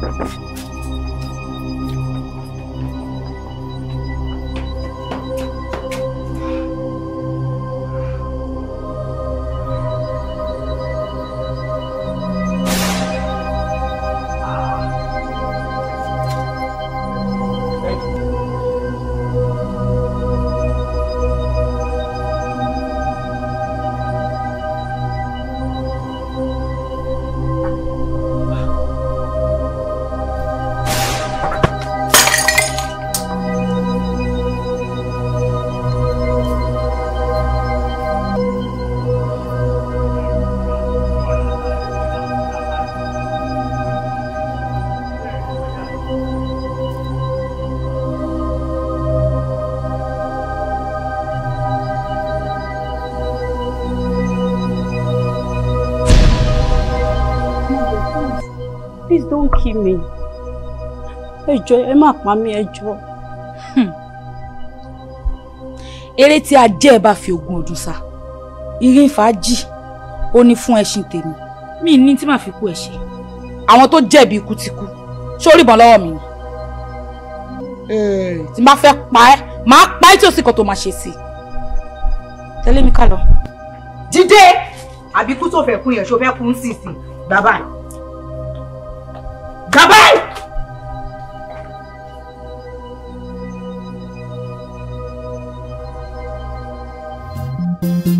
Thank you. kí mi ẹ jọ̀ọ́ ẹ má pa mí ẹ jọ̀ọ́. Hmm. eré tí ajé ẹ bá fi ogún ọdún sá irin fàájì ó ní fún ẹṣin tèmi mi ní tí màá fi kú ẹṣin àwọn tó jẹ̀bi ikú ti kú sórí ìbọn lọ́wọ́ mi ni eh. tí bá fẹ́ pa ẹ́ máa pa ẹ́ tí ó sì kàn tó máa ṣe sí i tẹ̀lé mi ká lọ. dídé àbíkú tó fẹ́ kú yẹn ṣó fẹ́ kú ń sì sí bàbá yìí. Thank you.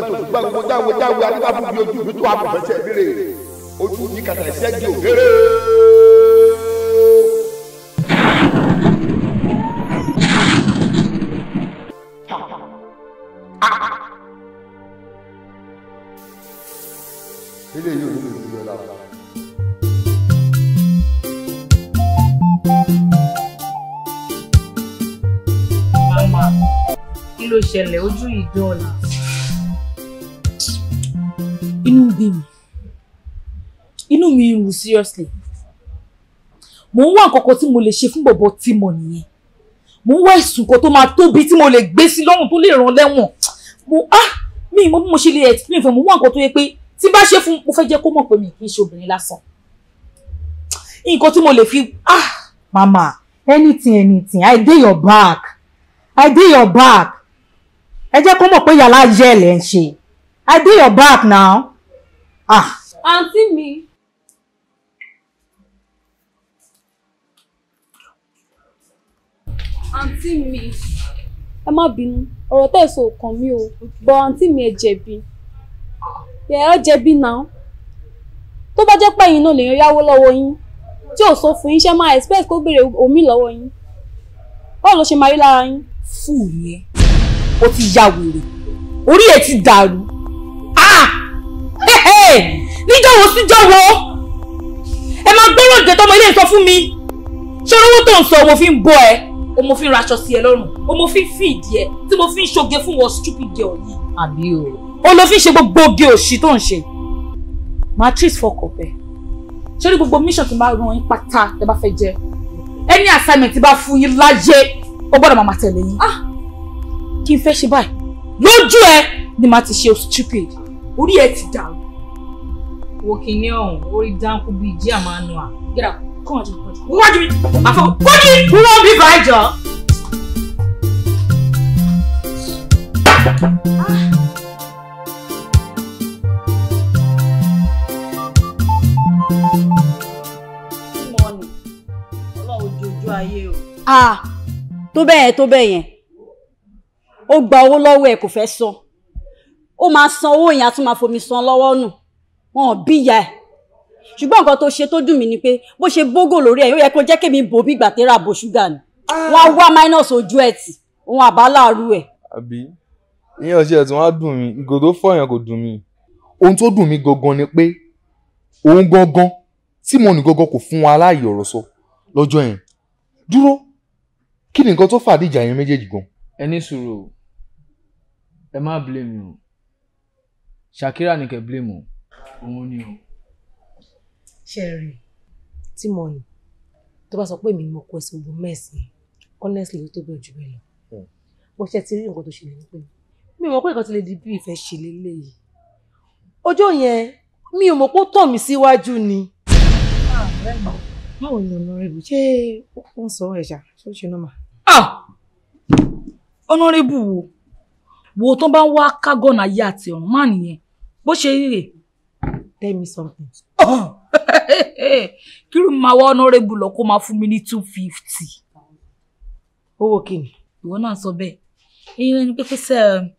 ṣùgbọ́n ṣùgbọ́n gbogbo jáwe jáwe adébáfù bí ojú mi tó àbùfẹ́sẹ̀ mi ojú ní kàtà ìṣẹ́gi ògèrè. ilé ṣẹlẹ̀ ojú ìdán ọ̀la inú ń gbé mi inú mi rù seriously mo ń wá nǹkan kan tí mo lè ṣe fún bọ̀bọ̀ tí mo nìyẹn mo ń wá ẹ̀sùn kan tó máa tóbi tí mo lè gbé sí lọ́rùn tó lè ràn lẹ́wọ̀n mo ah mi mo bí mo ṣe lè explain fún mo ń wá nǹkan tó yẹ pé tí bá ṣe fún mo fẹ́ jẹ́ kó mọ̀ pé mi kì í ṣe obìnrin lásán nǹkan tí mo lè fi ah mama anything anything i dey your back i dey your back ẹ jẹ́ kó mọ̀ pé yàrá yẹ̀ lẹ́ ń ṣe i dey your back now. Ah. àǹtí mi. àǹtí mi. ẹ má bínú ọ̀rọ̀ tẹ̀ sọ ọkàn mi o bọ àǹtí mi ẹ jẹ̀bi ẹ ọ jẹ̀bi náà tó bá jẹ́ pẹ́yìn náà lèèyàn yáwó lọ́wọ́ yín tí ò sọ fún yín ṣe máa expect kó béèrè omi lọ́wọ́ yín báwo ló ṣe máa rí lára yín. fún yẹn ó ti ya wèrè orí ẹ̀ ti dàrú níjọwọ síjọwọ ẹ máa gbọ́rọ̀ jẹ tọmọ ilé ìsọ fún mi ṣọlọ́wọ́ tó ń sọ mo fi ń bọ́ ẹ o mo fi ń raṣọ sí ẹ lọ́rùn o mo fi ń fi ìdí ẹ tí mo fi ń ṣoge fún wọn stupid girl yìí. àbí o. o lo fi ń ṣe gbogbo oge òṣì tó ń ṣe matrix fọkàn bẹ́ẹ̀ ṣé ní gbogbo mission tí n bá ran yín pátá ẹ bá fẹ́ jẹ ẹni assignment tí bá fún yín láyé ó gbọ́dọ̀ máa tẹ̀lé yín. ah kí n fẹ́ ṣe báyìí lójú ẹ ni màá ti ṣe stupid orí ẹ ti dàrú wo kinní ọ̀hún orí dáńkú bíi jí àmánúà. gẹ́dà kọ́ ọ̀jọ̀ kọ́ ọ̀jọ̀ wọ́n ju mi àfọ̀ wọ́n ju kú wọ́n bí bàá jọ. Ah! ah, tó bẹ́ẹ̀ tó bẹ́ẹ̀ yẹn ó gba owó lọ́wọ́ ẹ̀ kò fẹ́ sọ ó máa san owó yẹn á tún máa fomi san lọ́wọ́ nù. No wọn ò bí ya ẹ̀ ṣùgbọ́n nǹkan tó ṣe tó dùn mí ni pé bó ṣe bógò lórí ẹ̀ yóò yẹ kó jẹ́ kémi bò bí gbà tẹ́ra bò ṣúgà ni ah. wọ́n á wá minus ojú ẹ̀ tì òun àbá láàrú ẹ̀. àbí ìyẹn ọ̀sẹ̀ tí wọ́n á dùn mí ìgò tó fọ́ yẹn kò dùn mí ohun tó dùn mí gangan ni pé òun gangan tí mo ní gangan kò fún wa láàyè ọ̀rọ̀ sọ lọ́jọ́ yẹn dúró kí ni nǹkan tó fà yẹn méjèèjì gan. ẹ ní sùúrù ẹ má blame o Shakira ni kẹ blame o òun ni o. ṣẹ́ẹ̀rì tí mo ní tó bá sọ pé èmi ni mo kó ẹsẹ̀ ogun mẹ́sìn honestly ló tó bẹ̀ jù bẹ́ẹ̀ lọ bó hmm. ṣe ti rí nǹkan tó ṣẹlẹ̀ nípa mi mi ò mọ̀ pé nǹkan ti lè di bí ìfẹ́ ṣe lélẹ́yìí ọjọ́ yẹn mi ò mọ̀ pé ó tàn mí síwájú ni. Ah, báwo ni ọ̀nàrẹ́bù ṣé ó ń sọ ẹ̀ṣà ṣó ṣe nọ́mà. ọ̀nàrẹ́bù ah! wo wo tó bá ń wá kágọ́nà ayé àti ọ̀run má nìyẹn bó ṣe rí rèé tell me something. Oh, hey, hey, wá ọ̀nàrẹ́bù lọ kó máa fún mi ní two fifty. Okay, you wanna answer? sọ bẹ́ẹ̀ ìyẹn ni pípẹ́ sẹ́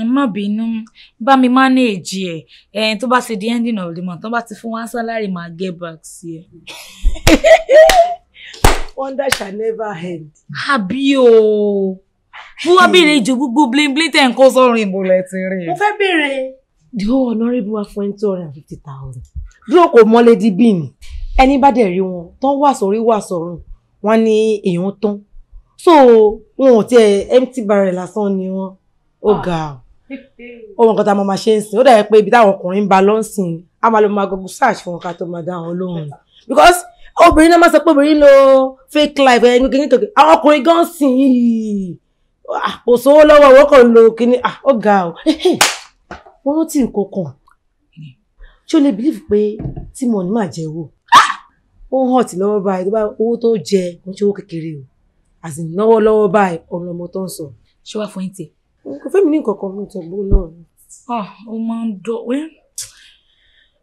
ẹ má bínú bá mi manage ẹ ẹ tó bá the ending of the month tó bá ti fún wa salary ma get back sí ẹ. wonder shall never end. àbí o bó wá béèrè ìjò gbogbo bling bling tẹ̀ ń kó sọ́run ìbò lẹ́tìrì. mo fẹ́ béèrè the whole honourable wa fún ẹni two hundred and fifty thousand dúró kò mọ lady b ni ẹni bá dẹ̀ rí wọn tán wà sórí wà sọ̀rùn wọn ní èèyàn so wọn ò tiẹ̀ empty barrel son. ni wọn ó ah. ga ó wọn kan tá a máa ṣe ń sìn ó dàbí pé ibi táwọn ọkùnrin ń ba lọ́nsìn á máa lọ máa search wọn ká tó máa dá wọn lóhùn because obìnrin náà máa sọ pé obìnrin lo fake life ẹni kìíní kìíní àwọn ọkùnrin gan sìn yìí ah, kò sówó lọ́wọ́ owó kan lo kìíní ah, ó ga o. mo rántí nǹkan kan ṣé o lè bílíìfù pé tí mo ní máa jẹ owó ó hàn tí lọ́wọ́ báyìí tó bá owó tó jẹ kò ń ṣe owó kékeré o àti náwó lọ́wọ́ báyìí ọ̀nà ọmọ tó ń sọ. ṣé wàá fọyín tiẹ̀. kò fẹ́ mi ní nǹkan kan mi ò tẹ̀ gbó náà. ó máa ń dọ̀ ẹ́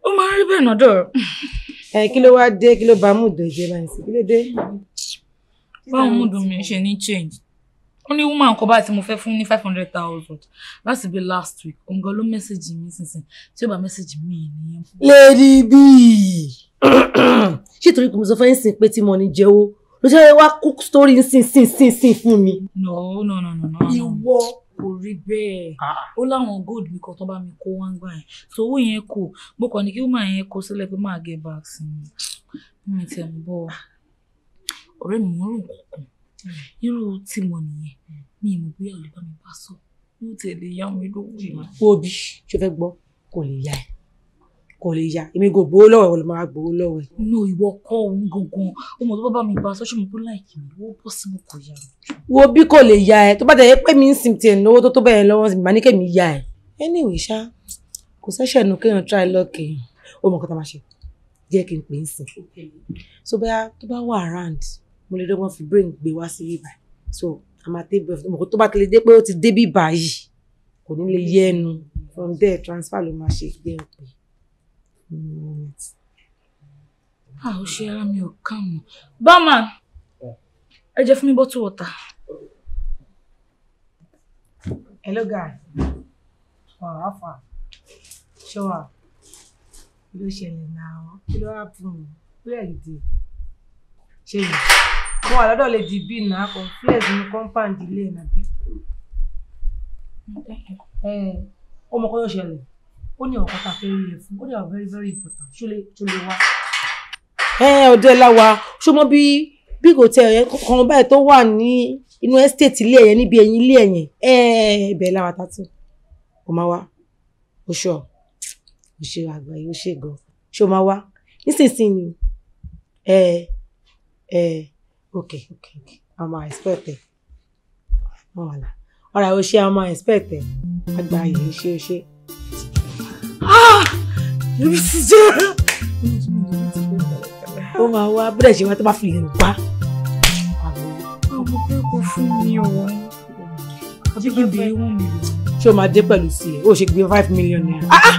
ó máa ń rí bẹ́ẹ̀ náà dọ̀. ẹ kí ló wá dé kí ló bá mú ìdọ̀jẹ́ báyìí sí kí ló dé. báwo mú ìdùnnú mi ṣe ní change ó ní woman kan báyìí tí mo fẹ́ fún ní five hundred thousand láti bí last week òǹgọ ló mẹ́sẹ̀gì mi sísìn tí ó bá mẹ́sẹ̀gì mi nìyẹn. lady b ṣé torí kò mo sọ fẹ́ ń sìn pé tí mo ní jẹ́wọ́ ló ṣe wá cook story nsìn sìn sìn sìn fún mi. no no no no no. ìwọ kò rí bẹ́ẹ̀ ó láwọn gold mi kan tó bá mi kó wá ń gbà yẹn so owó yẹn kò mo kàn ní kí woman yẹn kó sílẹ̀ pé máa get back sí mi mi tẹ̀ ń bọ̀ ọ̀rẹ́ mi mo rò Mm. irú tí mo nìyẹn mi ì mọ̀ bóyá olùbá mi bá sọ yóò tẹ̀lé yá mi lówó yìí. Bóbi ṣe fẹ́ gbọ́ kò lè yá ẹ̀ kò lè yá èmi kò gbowó lọ́wọ́ ẹ̀ máa gbowó lọ́wọ́ ẹ̀. inú ìwọ kọ́ òun gangan ọmọ tó bá bá mi bá a sọ́ṣọ́ mi bó láìkí mi wọ́n bọ́ sí mi kò yá mi. wo bí kò lè yá ẹ tó bá tẹ̀lé pé mi ń sin tiẹ̀ náwó tó tó bẹ́ẹ̀ lọ́wọ́ sí mi màá ní kẹ́mi yá ẹ. anyway ṣá kò sẹ́sẹ̀ nu kéèyàn try lọ́ọ̀kì ó mọ̀ kọ́ta máa ṣe jẹ́ kí n pè é sìn. so bóyá tó bá wà around mo lè dọ́gbọ́n fi brain gbé wá sí ibà so a máa tẹ́ bẹ́ẹ̀ mọ̀kó tó bá ti lè dé pé ó ti dé bí báyìí kò ní lè yé from there transfer ló máa ṣe gbé ọ̀pẹ. a ò ṣe ara mi ò kàn mọ́ barman ẹ jẹ́ fún mi bottle water. hello guy wàá wá fà ṣọ́wà kí ló ṣẹlẹ̀ náà kí ló wá fún mi wíwẹ̀ dìde change mo wà lọ́dọ̀ lè di bí náà kò flex ní compound ilé nàbí. ọmọ kan yóò ṣẹlẹ̀ ó ní ọ̀kan tá a fún ó ní àwọn very very important ṣọlẹ̀ ṣọlẹ̀ wá. ọ̀dọ́ ẹ̀ láwa ṣó mọ bí bí kò tẹ ẹ̀ kan báyìí tó wà ní inú estate ilé ẹ̀yẹn níbi ẹ̀yìn ilé ẹ̀yẹn ẹ̀ẹ́dẹ̀ láwa tàtí kò máa wá oṣù ọ̀ oṣù àgbáyé oṣù gan ṣó máa wá nísinsìnyí ẹ̀ẹ́. Eh, okay, okay, okay. I'm expected. Wala. Ọ̀rọ̀ àwọn ṣe I'm expected. Àgbà yìí ṣe é ṣe. Ah! Ibi ti jẹ́. O máa wá bẹ́ẹ̀ ṣe wá tó bá fi lè pa. Àwọn ọmọ kò fún mi o. Àbí kí n bèrè wọ́n mi lò. Ṣé o máa dé pẹ̀lú sí ẹ̀? Ó five million naira. Ah, ah!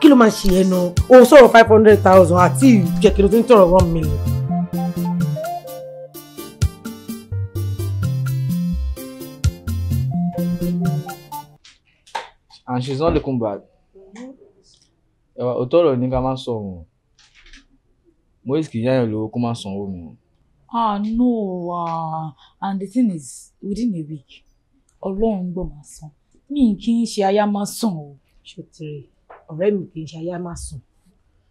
Kí ló máa ṣe ẹ̀ O sọ̀rọ̀ five hundred thousand àti ìjẹ̀kẹ̀lẹ̀ tó ń tọ̀rọ̀ one million. and she's not looking bad mm-hmm. ẹwà òtọ́ ọ̀rọ̀ ní ká má sọ òun Moise kì í yáyàn lówó kó má sanwó mi. ah no ah and the thing is within a week ọlọ́run gbọ́ máa san mi kì í ṣe aya máa sàn o. ṣòtìrì ọ̀rẹ́ mi kì í ṣe aya máa sàn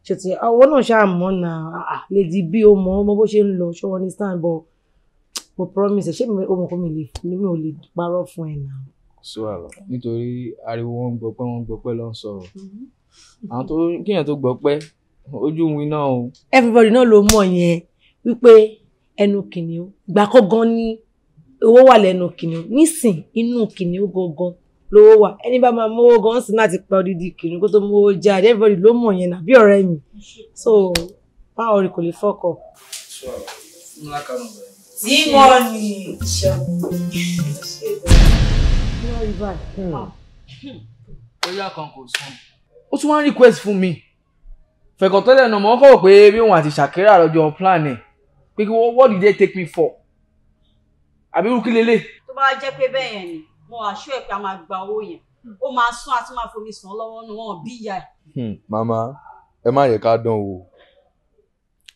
ṣètì ah, àwọn náà ṣáà mọ̀ náà ah, ah. lè di bí o mọ̀ ọmọ bó ṣe ń lọ ṣé wọ́n ní stand bọ̀ mo promise ṣé mi ò mọ̀ kó mi lè mi ò lè parọ́ fún ẹ̀ náà. sí nítorí ariwo wọn gbọpẹ́ wọn gbọpẹ́ ló ń sọ̀rọ̀ mm-hmm. àwọn tó kíyàn tó gbọpẹ́ ojú wí náà o. everybody náà ló mọ̀ yẹn wípé ẹnu kìnìún gbàkọ́ gan ní owó wà lẹ́nu kìnìún nísìn inú kìnìún gangan lówó wà ẹni bá máa mówó gan sí láti pa odidi kìnìún kó tó mówó jáde everybody ló mọ̀ yẹn nàbí ọ̀rẹ́ mi so báwo rí kò lè fọ́kọ̀. tí wọ́n ní ìṣẹ́gun. lórí báyìí. ó tún wá request fún mi fẹ̀kọ̀tẹ́lẹ̀ náà mọ́ kọ́ pé bí òun àti ṣàkẹ́rà lọ́jọ́ plan ẹ̀ pé kí what did they take me for àbí irú kí lélẹ̀. tó bá jẹ́ pé bẹ́ẹ̀ yẹn ni mo àṣọ ẹ̀ pé a máa gba owó yẹn ó máa sún àti máa fomi sàn lọ́wọ́ nù wọ́n bí ìyá ẹ̀. Hmm, màmá ẹ má yẹ ká dán o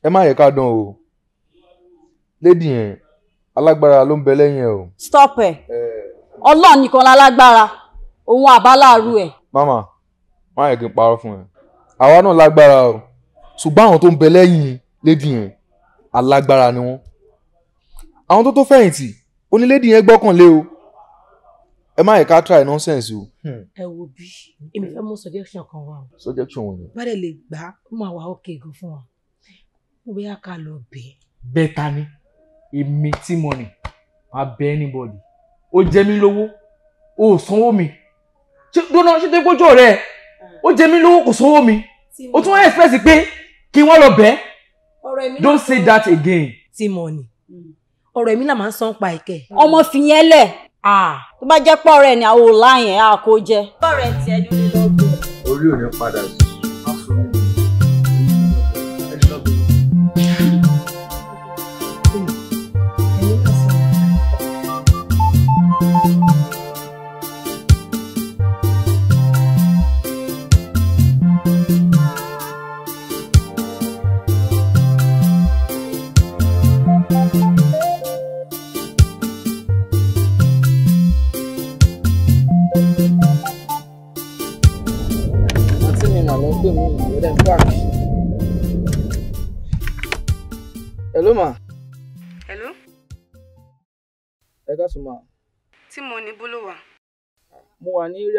ẹ má yẹ ká dán o lady yẹn alágbára ló ń bẹ lẹ́yìn ẹ o. stop ẹ. Eh ọlọ́run nìkan lálágbára òun àbáláàrú ẹ̀. mama má yẹ kí n parọ́ fún ẹ àwa náà lágbára o ṣùgbọ́n àwọn tó ń bẹ lẹ́yìn lédi yẹn alágbára ni wọ́n àwọn tó tó fẹ̀yìntì onílédi yẹn gbọ́kànlé o ẹ má yẹ ká try nonsense o. Hmm. ẹ wo bí èmi fẹ́ mú suggestion kan wá. suggestion wo ni. bàdẹ lè gbà ó máa wà ókè gan fún wa mo ká lọ bẹ́ẹ̀. bẹ́ẹ̀ ta ni èmi tí mo nì máa bẹ anybody ó jẹ mí lówó ó sanwó mi ṣé dóná ṣe tó kójú ọ̀rẹ́ ẹ ó jẹ mí lówó kò sanwó mi ó tún wá express pé kí wọ́n lọ bẹ́ẹ̀ don't say that again. ti mọ̀ ni hmm. ọ̀rọ̀ èmi náà máa ń san pa ìkẹ́. Hmm. ọmọ fìyẹn lẹ̀ tó bá jẹ́ pọ̀ rẹ̀ ni àwọn ò a kò jẹ. bọ́ọ̀rẹ̀ tiẹ̀ ló lè lọ gbọ́. orí ò ní padà sí.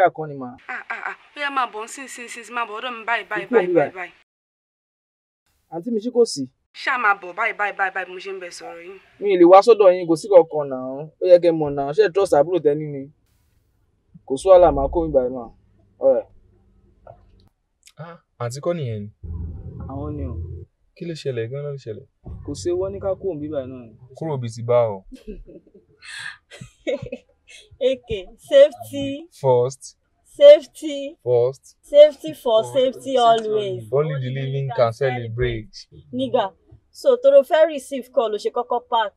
area kan ni mà. Ah, ah, ah. ó yá máa bọ̀ ń sìn sìn sìn máa bọ̀ ọ̀dọ̀ mi báyìí báyìí báyìí báyìí. àǹtí mi ṣí kò sí. ṣáà máa bọ̀ báyìí báyìí báyìí báyìí mo ṣe ń bẹ sọ̀rọ̀ yín. mi ì lè wá sọ́dọ̀ yín kò sí kankan náà ó yẹ kẹ́ mọ̀ náà ṣe trust àbúrò tẹ́ni ni kò sí wàhálà máa kó mi báyìí mà ọ̀rẹ́. àǹtí kọ́ nìyẹn ni. àwọn ni o. kí ló ṣẹlẹ̀ gan-an ló ṣẹlẹ̀. kò sí owó ní ká kúrò bíbá náà. kúrò bíi ti bá ọ. Okay, safety. First. Safety. First. Safety for safety always. Only the living can celebrate. Nigga, so toro fẹ́ receive call o ṣe kọ́kọ́ park.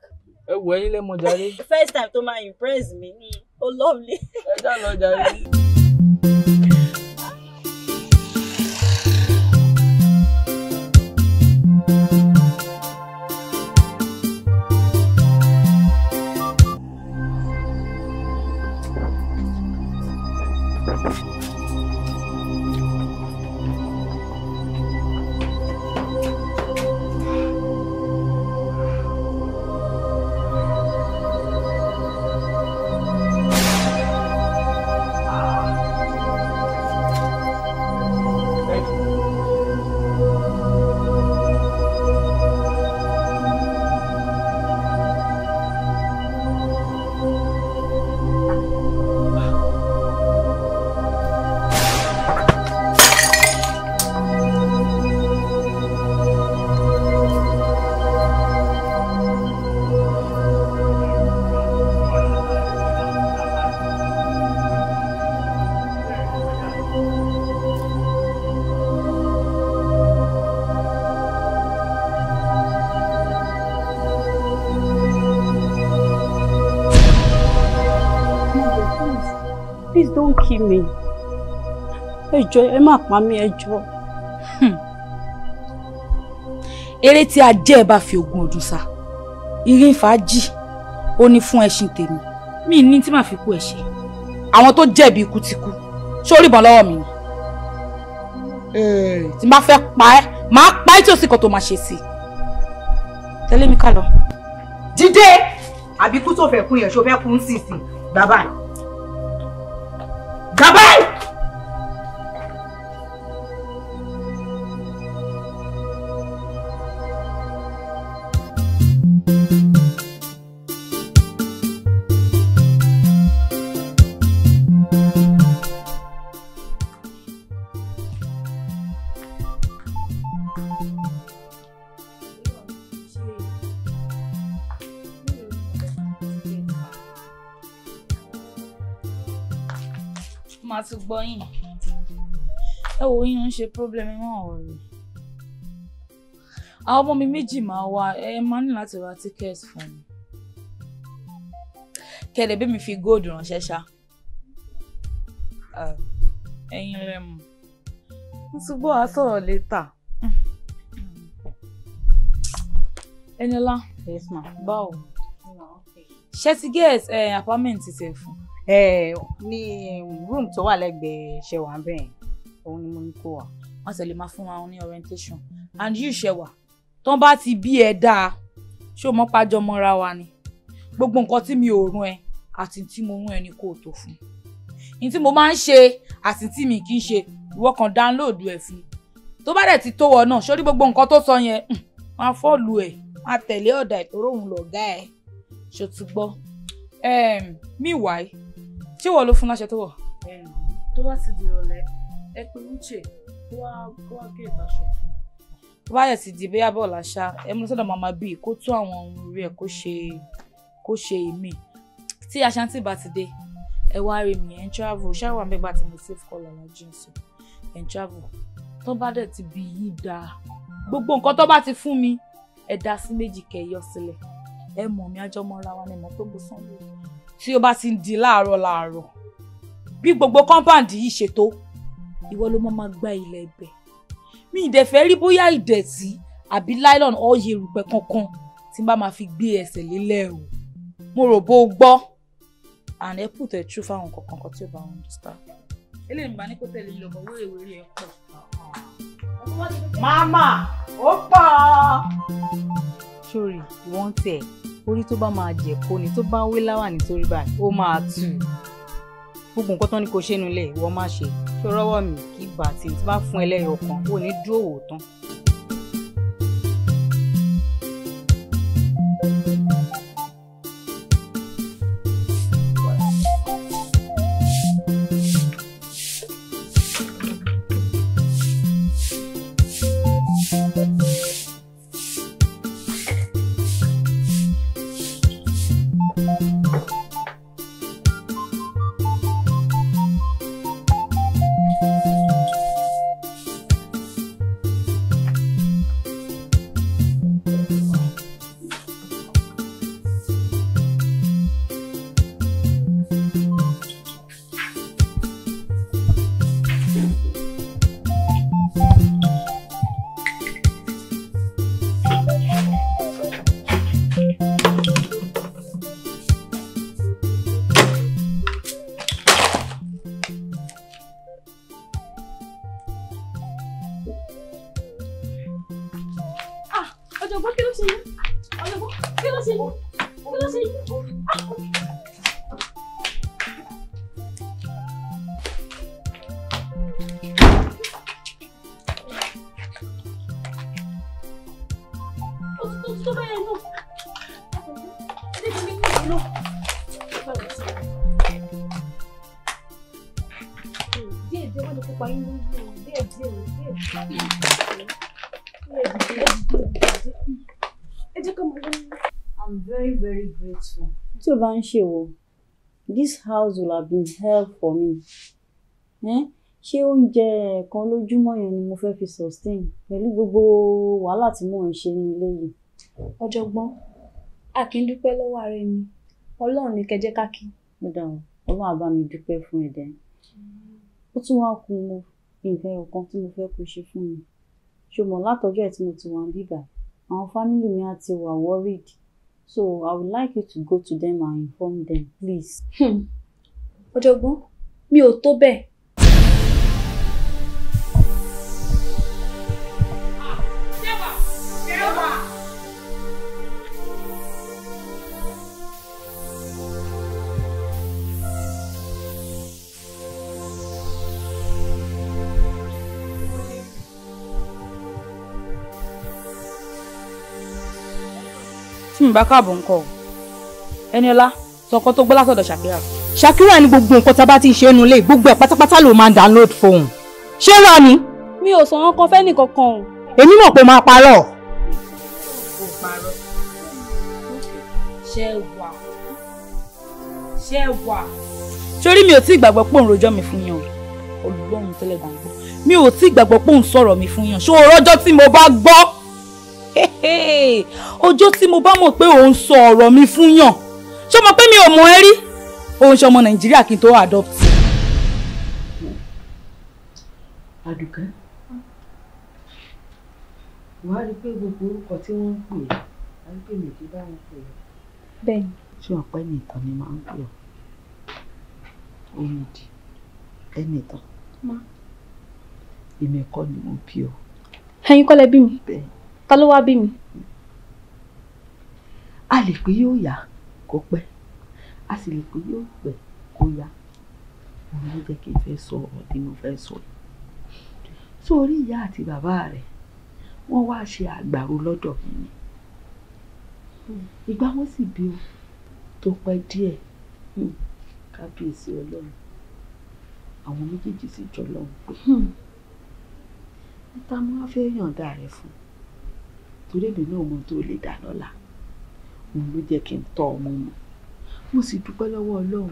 Ẹ wo ẹyin lẹ́mọ jàre. First time tó ma impress mi, hmm. o oh, lovely. Ẹ dá lọ jàre. mi ẹ jọ̀ọ́ ẹ má pa mí ẹ jọ̀ọ́. Hmm. eré tí ajé ẹ bá fi ogún ọdún sá irin fàájì ó ní fún ẹṣin tèmi mi ní tí màá fi kú ẹṣin àwọn tó jẹ̀bi ikú ti kú sórí ìbọn lọ́wọ́ mi ni eh. tí n bá fẹ́ pa ẹ́ máa pa ẹ́ tí ó sì kò tó máa ṣe sí i tẹ́lẹ̀ mi ká lọ. dídé àbíkú tó fẹ́ kú yẹn ṣó fẹ́ kú ń sì sí bàbá yìí. gbọ́ yín ẹ wo yín ń ṣe problem mọ́ ọ̀rọ̀ àwọn ọmọ mi méjì máa wá ẹ máa ní láti ra ticket fún mi kẹ̀dẹ̀ bí mi fi gold ránṣẹ́ ṣá ah, ẹ̀yin rẹ̀ mọ̀ mo ti gbọ́ àsọ̀rọ̀ létà Eniola báwo ṣe ti get eh, apartment ti tẹ̀ ní room tó wà lẹ́gbẹ̀ẹ́ ṣẹwà ń bẹ̀yẹn òun ni mo ní kó wà. wọ́n sì lè máa fún wa ní orientation and you ṣẹwà tó bá ti bí ẹ dáa ṣó mọ́ pájọ mọ́ra wa ni gbogbo nǹkan tí mi ò rún ẹ àti tí mo rún ẹ ni kò tó fún ní tí mo máa ń ṣe àti tí mi kì í ṣe ìwọ kan dáńlóòdù ẹ fún tó bá dẹ̀ ti tó wọ náà sórí gbogbo nǹkan tó sọ yẹn hmm, máa fọ́ọ̀lù ẹ̀ máa tẹ̀lé ọ̀dà ìtòrò òun lọ̀gá ẹ̀ ṣòtúgbọ́ meanwhile ṣé wọ́n ló fún láṣẹ tó wọ̀. tó bá ti di ìrọ̀lẹ́ ẹ pé uche wá wá gé ìbáṣọ fún un. báyọ̀ ti di bóyá bọ̀ láṣà ẹ mú sọ́dọ̀ màmá bíi kó tún àwọn ohun orí ẹ̀ kó ṣe kó ṣe èmi tí aṣántì bá ti dé ẹ wá rí mi ẹ̀ ń travel ṣáà wà mẹ́gbà tí mo save call ọ̀la jíǹsì ẹ̀ ń travel tó bá dẹ̀ ti bí yín dáa gbogbo nǹkan tó bá ti fún mi ẹ dá sí méjì kẹ́ ẹ yọ sílẹ̀ ẹ mọ̀ mi àjọmọ́ra wa ni mo tó gbó sanwó tí ó bá ti ń di láàárọ̀ láàárọ̀ bí gbogbo compound yìí ṣe tó ìwọ ló mọ máa gba ilẹ̀ ibẹ̀ mi ì dẹ̀ fẹ́ rí bóyá ìdẹ̀tí àbí nylon or yèrùpẹ̀ kankan tí bá máa fi gbé ẹsẹ̀ lélẹ̀ o mo rò bó o gbọ́ and ẹ put ẹ tú fáwọn kankan kan tí o bá wọn understand. eléyìí nígbà ní kó tẹ̀lé ìlọ́bọ̀ wéèwéèrè ẹ̀ pọ̀. màmá ó pọ̀. sórí ìwọ́n tẹ̀ orí tó bá máa jẹ kó ni tó bá wé láwà nítorí báyìí ó máa tù hmm. gbogbo nǹkan tán ni kò ṣe nulẹ̀ ìwọ má ṣe ṣé rọ́wọ́ mi kì í bàtì bá fún ẹlẹ́yọ̀ kan ó ní dúró wò tán. thank you Thank you. tí o bá ń ṣe wò this house will have been hell for me ṣé oúnjẹ kan lójúmọ́ yẹn ni mo fẹ́ fi sustain pẹ̀lú gbogbo wàhálà tí mò ń ṣe ní ilé yìí. ọ̀jọ̀gbọ́n a kì í dúpẹ́ lọ́wọ́ ara ẹni ọlọ́run ní kẹjẹ́ káàkì. ó dáhùn ọlọ́run àbá mi dúpẹ́ fún ẹ̀dá ẹ̀ ó tún wá kun mo nǹkan ọ̀kan tí mo fẹ́ kó ṣe fún mi ṣùgbọ́n látọjọ́ ẹ̀ tí mo ti wà ń bíbà àwọn fámìlì mi á ti wà worried So I would like you to go to them and inform them, please. Hmm. Ọ̀jọ̀gbọ́n, mi ò tó bẹ́ẹ̀. Hmm, bá káàbọ̀ ńkọ́ Ẹniọlá sọkọ tó gbọ́ látọ̀dọ̀ Shakira. Shakira ni gbogbo nǹkan tá a bá ti ṣe é nulẹ̀ gbogbo ẹ̀ pátápátá ló máa download fóun ṣé rà ni. mi ò sọ̀rọ̀ kan fẹ́ nìkankan o. èmi mọ̀ pé máa parọ́. kò parọ́ ṣé wà ṣé wà. torí mi ò tí ì gbàgbọ́ pé òun rojọ́ mi fún yàn olùgbọ́n mi tẹ́lẹ̀ gbàgbọ́ mi ò tí ì gbàgbọ́ pé òun sọ̀rọ̀ mi fún yàn ṣó o tí mo bá gbọ́ ọjọ́ tí mo bá mọ̀ pé òun sọ ọ̀rọ̀ mi fún yàn ṣé o pé mi ò mọ̀ ẹ́ rí òun ṣe nàìjíríà kí n tó adopt. àdùkẹ́ wàá rí i pé gbogbo orúkọ tí wọ́n ń pè é wàá rí i pé mi bá wọn pè é. bẹ́ẹ̀ni. ṣé ọ̀pẹ́ ní ìtàn ni máa ń pè ọ́ omi di ẹnì tán èmi kọ́ ni mo bí ọ. ẹ̀yin kọ́ bí mi. bẹ́ẹ̀ ta ló wá bí mi a lè pé yóò yá kó pẹ́ a sì lè pé yóò pẹ́ kó yá òun ló jẹ́ kí n fẹ́ sọ ọ̀rọ̀ tí mo fẹ́ sọ yìí sórí ìyá àti bàbá rẹ̀ wọ́n wá ṣe àgbàro lọ́dọ̀ mi ni ìgbà wọn sì bí o tó pẹ́ díẹ̀ hmm, kábíyèsí ọlọ́run àwọn méjèèjì sì jọ lọ́hùn pé hmm, níta mo wá fẹ́ yọ̀ǹda rẹ̀ fún un torí èmi náà mọ tó lè dà lọ́la òun ló jẹ́ kí n tọ́ ọmọ mọ̀ mo sì dúpẹ́ lọ́wọ́ ọlọ́run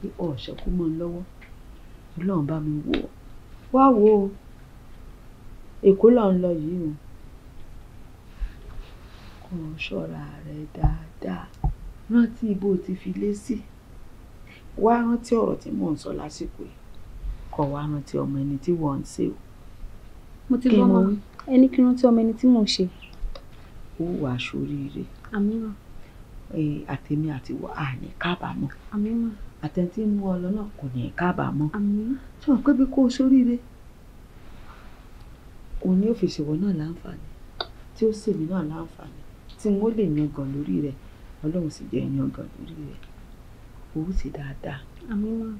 pé ọ̀ṣẹ́ kú mọ́ lọ́wọ́ ọlọ́run bá mi wò ó wá wò ó èkó là ń lọ yìí o kò ṣọ́ra rẹ dáadáa rántí ibo ti fi lé sí wá rántí ọ̀rọ̀ tí mò ń sọ lásìkò yìí kò wá rántí ọmọ ẹni tí wọ́n ń ṣe o. mo ti gbọ́ mọ́ ẹni kí rántí ọmọ ẹni tí mò ń ṣe ó wà sóríire àtẹ̀mí àti wà á ní kábàámọ̀ àtẹ̀ntì tí ń mú ọ lọ́nà kò ní kábàámọ̀ tí wọ́n pẹ́ bí kò sóríire òun ni ó fi ṣèwọ náà láǹfààní tí ó ṣèmi náà láǹfààní tí n ó lè yangàn lórí rẹ ọlọ́run sì jẹ́ yangàn lórí rẹ òun sì dáadáa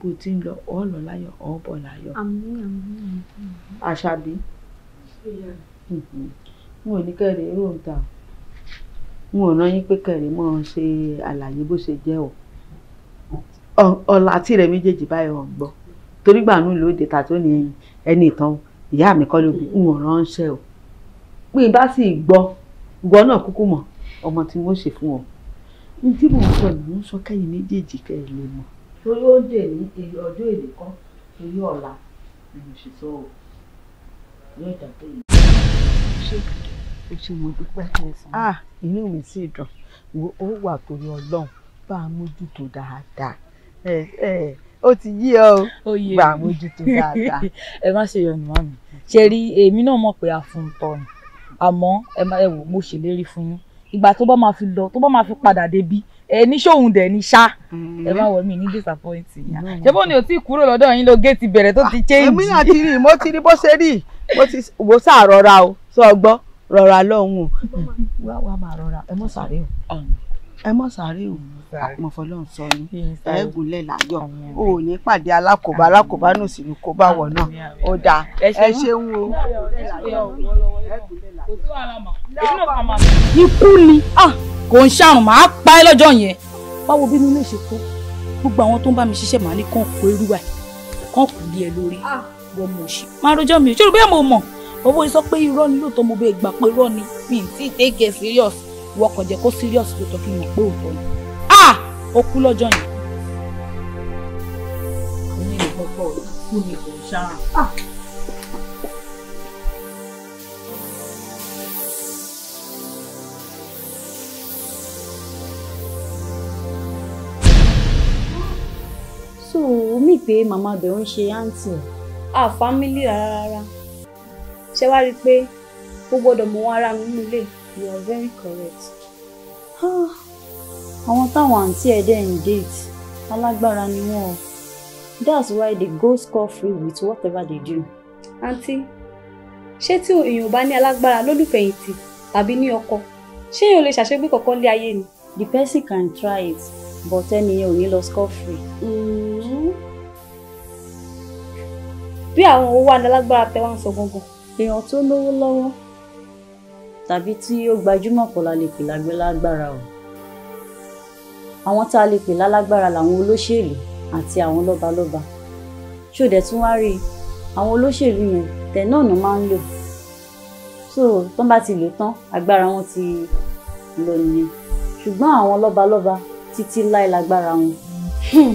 bó ti ń lọ ọ lọ láyọ̀ ọ bọ̀ láyọ̀ àṣàbí n ò ní kẹrin irú ń ta o n ò rán yín pé kẹrì mọ́ ọ ṣe àlàyé bó ṣe jẹ́ o ọ̀la àti rẹ̀ méjèèjì báyọ̀ ọ̀ gbọ́ torí gbàánú lóde tà tó ní ẹni ìtàn ìyá mi kọ́ ló bí n ò ránṣẹ́ o pé n bá sì gbọ́ gbọ́ náà kúkú mọ̀ ọmọ tí wọ́n ṣe fún ọ n tí mò ń sọ ni mò sọ kẹ́yìn méjèèjì kẹ́ lè mọ̀. torí ó dè ní ọjọ́ èdè kan torí ọ̀la ni mo ṣe sọ ọ́ yóò dàgbé yìí ó ṣe mo dúpẹ́ kẹsàn-án. ah inú mi sì dùn ó wà torí ọlọ́run bá a mójútó dáadáa ẹ ẹ ó ti yí ọ o bá a mójútó dáadáa. ẹ má ṣe yọnu mọ́ mi ṣe rí èmi náà mọ̀ pé a fún un tọ́ ni àmọ́ ẹ wò mo ṣèlérí fún yín ìgbà tó bá máa fi lọ tó bá máa fi padà débi ẹ ní sóhun dẹ ní ṣá mm-hmm. ẹ má wọ mí ní disappoint yẹn ṣé bó ni o ti kúrò lọ́dọ̀ yín ló géètì bẹ̀rẹ̀ tó ti change. Ah, èmi náà ti rí mo ti rí bó ṣe rí mo ti wò sàrọra o sọ gbọ́ rọra lọ́hùn wá wá máa rọra ẹ mọ́ sáré o ẹ mọ́ sáré o àpọ̀fọlọ́hún sọ ni ẹ̀ẹ́gúnlẹ̀ láyọ̀ o ò ní pàdé alákòóbá alákòóbá náà sì ni kó bá wọ̀ náà ó dáa ẹ ṣeun o. ikú ni ah, kò ń ṣàrùn máa pa ẹ́ lọ́jọ́ yẹn báwo bí nínú ìṣètò gbogbo àwọn tó ń bá mi ṣiṣẹ́ màá ní kàn kó irú ẹ̀ kàn kú lé ẹ lórí ah. wọ́n mọ̀ ṣe máa rojọ́ mi ò ṣòro bẹ́ẹ̀ mo mọ̀ owó sọ pé irọ́ ni lóòótọ́ mo bẹ gbà pé irọ́ ni mi ì tí ì take serious ìwọ kàn jẹ́ kó serious lóòótọ́ kí n mọ̀ pé òótọ́ ni ah ó kú lọ́jọ́ yẹn. èmi ò gbọ́dọ̀ kú ni kò ṣáà. so omi pé màmá bẹ̀rù ń ṣe àǹtí à family rárá rárá ṣe wá rí i pé mo gbọ́dọ̀ mọ ara mi nínú you are very correct. Ah, àwọn táwọn àǹtí ẹ̀dẹ̀ ń date alágbára ni wọ́n o that's why they go score free with whatever they do. àǹtí ṣé tí èèyàn bá ní alágbára lólùfẹ̀yìntì tàbí ní ọkọ ṣé èèyàn lè ṣàṣegbé kọ̀ọ̀kan lé ayé ni. the person can try it but ẹnìyẹn ò ní lọ score free. Mm-hmm. bí àwọn owó alágbára tẹ wá ń sọ gangan èèyàn tó lówó lọ́wọ́ tàbí tí ó gbajúmọ̀ kọ́ la lè pè lágbára o àwọn tá a lè pè lálágbára làwọn olóṣèlú àti àwọn lọ́balọ́ba ṣó dẹ̀ tún wá rí i àwọn olóṣèlú yẹn tẹ̀ náà nà máa ń lò so tán bá ti lò tán agbára wọn ti lọ nìyẹn ṣùgbọ́n àwọn lọ́balọ́ba títí láì lágbára wọn. Hmm.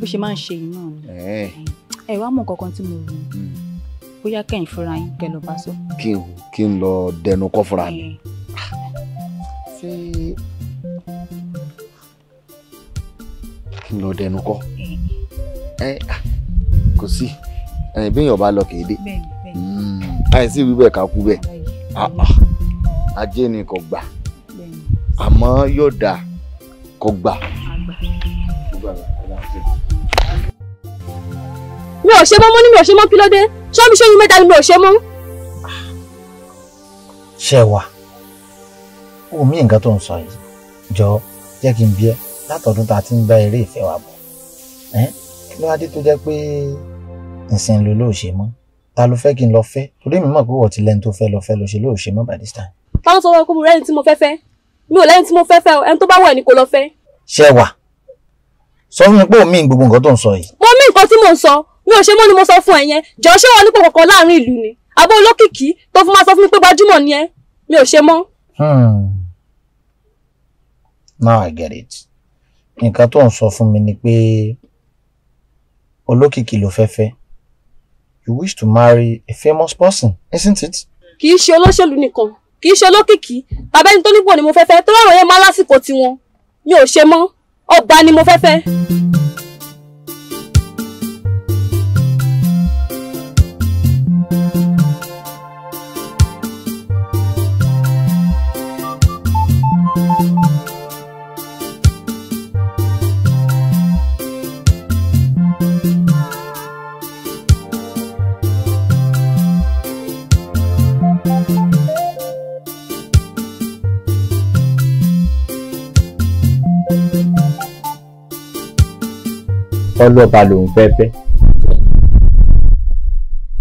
bó ṣe máa ń ṣe yìí náà ni ẹ wá mọ kankan tí mo rò hmm. bóyá kẹ́yìn fúnra yín kẹ́ lọ bá sọ. kí n kí n lọ dẹnu kọ fúnra mi. ṣé kí n lọ dẹnu kọ ẹ kò sí ẹyìn bí èèyàn bá lọ kéde àìsí wíwẹ̀ ká kú bẹ́ẹ̀ ah, ah. ajé ni kò gbà àmọ́ yóò dà kò gbà. Thank you mi ò ṣe mọ́ mo ní mi ò ṣe mọ́ kí ló dé ṣọ́ mi ṣóyún mẹ́ta ni mi ò ṣe mọ́. ṣé wà omi nǹkan tó ń sọ yìí jọ jẹ́ kí n bí ẹ látọ̀dún tá a ti ń bá eré ìfẹ́ wa bọ̀ kí ló wá dé tó jẹ́ pé ìsìn ló ló ṣe mọ́ ta ló fẹ́ kí n lọ fẹ́ torí mi mọ̀ pé wọ́n ti lẹ́ni tó fẹ́ lọ fẹ́ ló ṣe ló ṣe mọ́ by this time. táwọn sọ wọn kó mo rẹ́ni tí mo fẹ́ fẹ́ mi ò lẹ́ni tí mo fẹ́ fẹ́ o ẹni tó bá wọ̀ ni kò lọ fẹ́. ṣé wà sọ fún mi pé omi gbogbo nǹkan tó ń sọ yìí. mo mí nǹkan tí mò ń sọ mi ò ṣe mọ́ ni mo sọ fún ẹ yẹn jọ ṣé wọn nípò kankan láàrin ìlú ni àbọ̀ olókìkí tó fún máa sọ fún mi pé gbajúmọ̀ ni ẹ mi ò ṣe mọ́. Hmm. now i get it nǹkan tó ń sọ fún mi ni pé olókìkí ló fẹ́ you wish to marry a famous person isn't it. kì í ṣe olóṣèlú nìkan kì í ṣe olókìkí tàbí ẹni tó nípò ni mo fẹ́ tó rọrùn yẹn máa lásìkò tiwọn mi ò ṣe mọ́ ọba ni mo fẹ́ Mm -hmm. ọlọ́ba lòun fẹ́ fẹ́.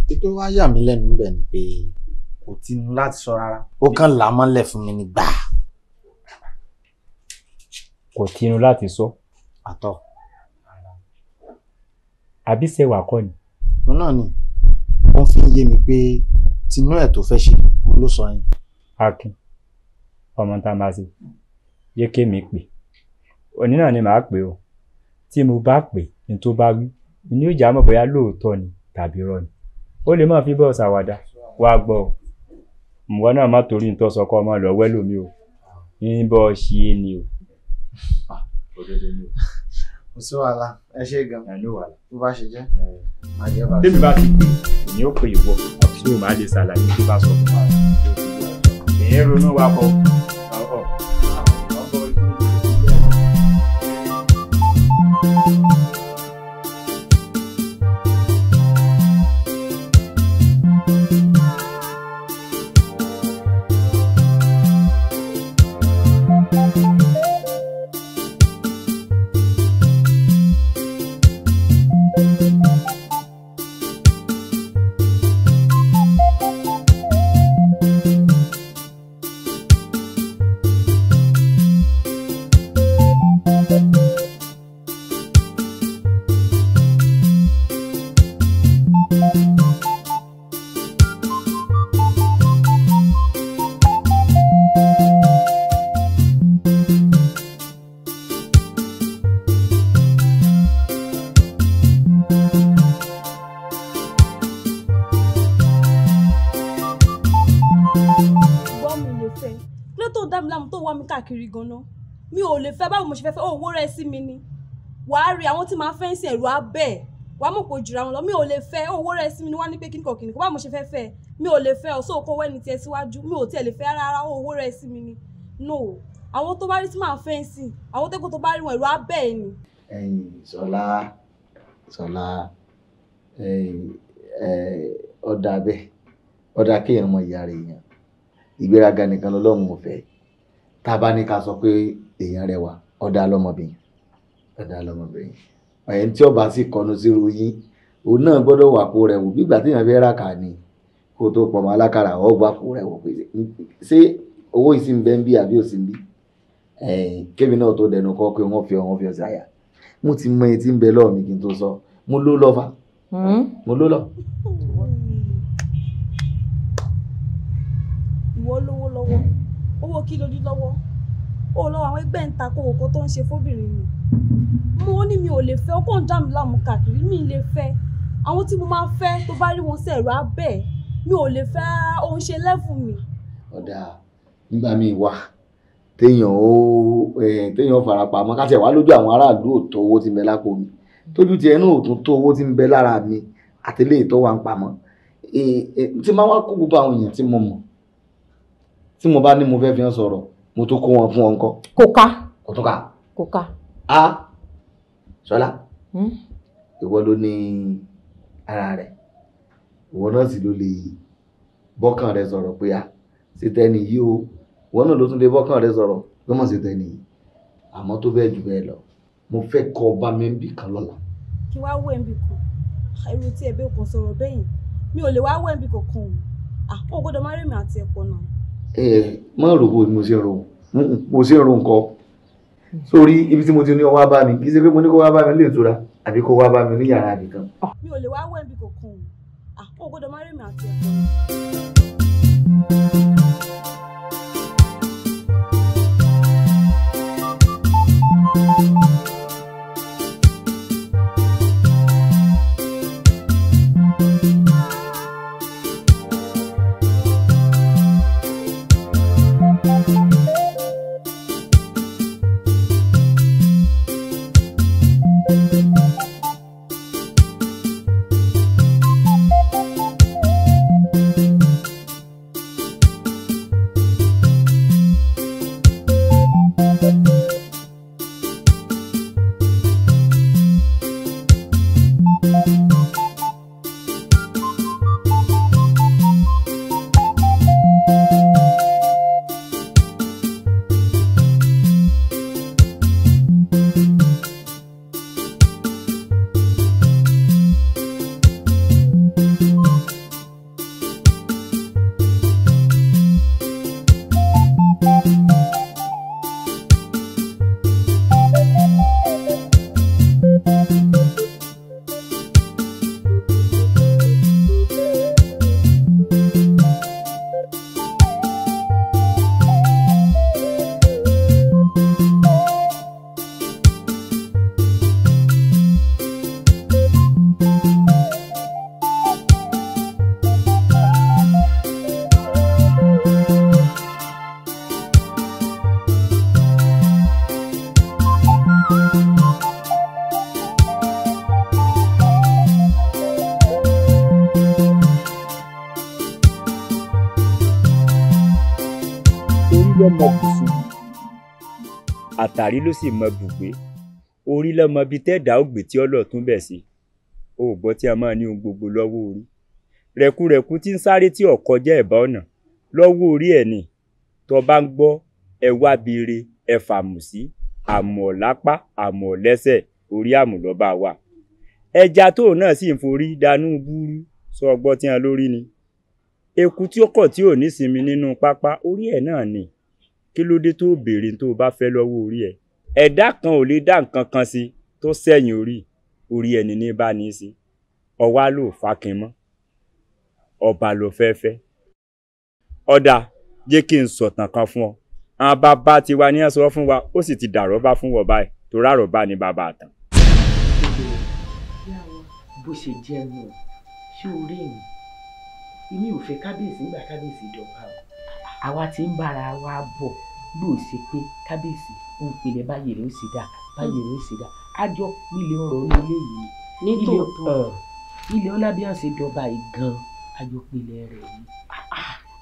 títí wàá yà mí lẹ́nu bẹ̀ ni pé kò tí ń láti sọ rárá ó kàn là á mọ́lẹ̀ fún mi ní gbà. kò tinú láti sọ. àtọ. àbí ṣẹwà kọ́ ni. mo náà ni ó fi ń yé mi pé tinú ẹ̀ tó fẹ́ ṣe ló sọ yẹn. akin ọmọ tá a máa ṣe yé kémi pè òní náà ni màá pè o tí mo bá pè ní tó bá wí ni yóò já mọ̀ bóyá lóòótọ́ ni tàbí irọ́ ni ó lè má fi bọ́ ṣàwàdà wá gbọ́ ọ mùwá náà má torí ní tọ́sọ kọ́ ọmọ lọ wẹ́ lómi o ní bọ́ ah, ni o. kò wàhálà ẹ ṣe gan bó bá ṣe bá ṣe. wàá rí àwọn tí máa fẹ́ ń sìn ẹ̀rù abẹ́ wàá mọ̀ pé jùlọ àwọn lọ mi ò lè fẹ́ owó rẹ̀ sí mi ni wọ́n ní pé kíníkọ̀ kíníkọ̀ báwo mo ṣe fẹ́ fẹ́ mi ò lè fẹ́ ọ sóòkó owó ẹni tiẹ̀ síwájú mi ò tiẹ̀ lè fẹ́ rárá owó rẹ̀ sí mi ni no àwọn tó bá rí tí máa fẹ́ ń sìn àwọn tẹ́kọ̀ tó bá rí wọn ẹ̀rù abẹ́ ẹ̀ ni. ẹyin sọlá sọlá ọ̀dà abẹ́ ọ̀dà kéèyàn mọ ìyá rẹ̀ èèyàn ìgbéraga nìkan lọ́lọ́run ò fẹ́ tá a bá ní ká sọ pé èèyàn rẹwà ọ̀dà lọ́mọbìnrin dáadáa lọmọbìnrin ẹni tí ọba sì kọnu síru yín òun náà gbọ́dọ̀ wà kó rẹ̀ wò bígbà tí èèyàn fẹ́ rà kà ni kó tó pọmọ alákàrà ọ gbà kó rẹ̀ wò pé ṣé owó ìsìn bẹ́ẹ̀ ń bí àbí òsìn bí kébì náà tó dẹnu kọ́ pé wọ́n fi ọ wọ́n fi ọ sí àyà mo ti mọ etí ń bẹ lọ́ọ̀ mi kí n tó sọ mo ló lọ́ọ́ fa hmm? mo ló lọ. ìwọ lówó lọ́wọ́ owó kí ló dí lọ́wọ́ ó lọ àwọn ẹgbẹ́ ń ta kókó tó ń ṣe fóbìnrin mi mo ní mi ò lè fẹ́ ọkọ̀ ń dá mi láàmú káàkiri mi lè fẹ́ àwọn tí mo máa fẹ́ tó bá rí wọn sí ẹ̀rọ abẹ́ mi ò lè fẹ́ ohun ṣe lẹ́fún mi. ọ̀dà nígbà míì wà téèyàn ó téèyàn farapamọ́ ká tiẹ̀ wá lójú àwọn aráàlú ò tó owó tí ń bẹ lápò mi tójú tiẹ̀ náà ò tún tó owó tí ń bẹ lára mi àtẹlé ìtọ́ wa ń pamọ́ tí máa wá kó gbogbo àwọn èèyàn tí mo mọ̀ tí mo bá ní mo fẹ́ fi hàn sọ̀rọ̀ mo tó kó wọn fún ọ ńkọ́. kò ká. kò tó ká. kò ká. a sọlá hmm? ìwọ ló ní ara rẹ ìwọ náà sì ló lè bọ́kàn rẹ sọ̀rọ̀ pé a ṣe tẹ́ni yìí o ìwọ náà ló tún lè bọ́kàn rẹ sọ̀rọ̀ pé mọ̀ ṣe tẹ́ni yìí àmọ́ tó bẹ́ẹ̀ jù bẹ́ẹ̀ lọ mo fẹ́ kọ ọba mi kan lọ́la. kí wàá wẹ̀ ń kù irú tí ẹ̀bẹ̀ kò sọ̀rọ̀ bẹ́yìn mi ò lè wàá wẹ̀ ń kankan o ò gbọ́dọ̀ má rèmi àti ẹ̀pọ̀ náà ẹ má rò bó mo ṣe rò mo ṣe rò nǹkan sórí ibi tí mo ti ní ọwọ́ bá mi kì í ṣe pé mo ní kó wá bá mi lè tura àbí kó wá bá mi ní yàrá nìkan. Ah. mi ò lè wá wẹ̀ bí kò kàn ó ah, gbọ́dọ̀ má rí mi àti ọ̀pọ̀ mi. àtàrí ló sì mọ bùgbé orí lọmọ bíi tẹ́ẹ̀dá ògbè tí ọlọ́ọ̀tún bẹ̀ sí o ò gbọ́ tí a máa ní ohun gbogbo lọ́wọ́ orí rẹ̀kúrẹ̀kú tí ń sáré tí ọ̀kọ́ jẹ́ ẹ̀bá ọ̀nà lọ́wọ́ orí ẹ̀ ni tó bá ń gbọ́ ẹ wá biire ẹ fàmù sí àmọ̀ lápá àmọ̀ lẹ́sẹ̀ orí àmù lọ́ba wà ẹja tóun náà sì ń forí danú búrú sọ ọgbọ́n tí wọn lórí ni eku tí ó kọ̀ tí ò ní sinmi nínú pápá orí ẹ̀ náà ni kí ló dé tó béèrè tó bá fẹ́ lọ́wọ́ orí ẹ̀ ẹ̀dá kan ò lè dá nǹkan kan sí tó sẹ́yìn orí orí ẹni ní bá ní í sí ọwá ló fákin mọ́ ọba ló fẹ́ fẹ́ ọ̀dà jẹ́ kí n sọ̀tàn kan fún ọ àwọn bàbá tiwa ní sọ fún wa ó sì ti dàrọ́bá fún wọ báyìí tó rárọ̀bá ní bàbá àtàn. bó ṣe jẹ́ nù ṣé orí mi èmi ò fẹ́ kábíyèsí ń kábíyèsí ìjọba o àwa ti ń bára wa bọ̀ bí ò ṣe pé kábíyèsí ń pinnu báyìí ló sì dá báyìí ló sì dá ájọ ilé ọrọ̀ ní ilé yìí ni ilé ọlábíàṣẹ dọba yìí gan àjọpìlẹ̀ rẹ̀ ni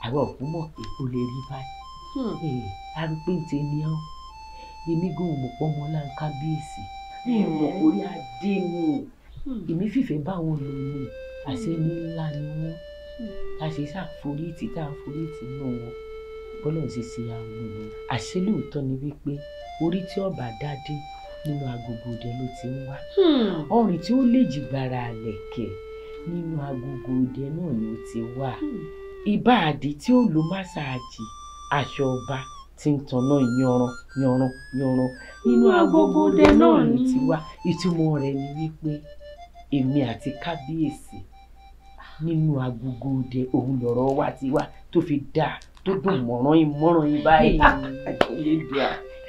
àwọn òkú mọ̀ pé ó lè rí báyìí hmm. arúgbìntì ni ọ́ èmi gan ò mọ̀ pọ́ mọ́ láń kábíyèsí ní hmm. orí adé ni hmm. èmi fìfẹ́ báwọn lò ní àṣẹ ní ńlá ni wọ́n láṣẹ ṣàforí títà forí tì náà wọn bọ́lọ̀ ṣe ṣe aago ni àṣé lóòótọ́ ni wípé orí tí ọba dádé nínú agogo ọdẹ ló ti ń wá hmm. ọrùn tí ó lè jìgbára àlẹ̀kẹ̀ nínú agogo ọdẹ náà ni ó ti wá ìbáàdì hmm. tí ó lo másàájì aṣọ ọba ti ń tanná yanran yanran yanran nínú hmm, agogo ọdẹ náà ni ti wá ìtumọ̀ rẹ̀ ni wípé èmi àti kábíyèsí nínú agogo ọdẹ òun lọ̀rọ̀ wa ti wá tó fi dáa tó dùn mọ̀ràn yín mọ̀ràn yín báyìí.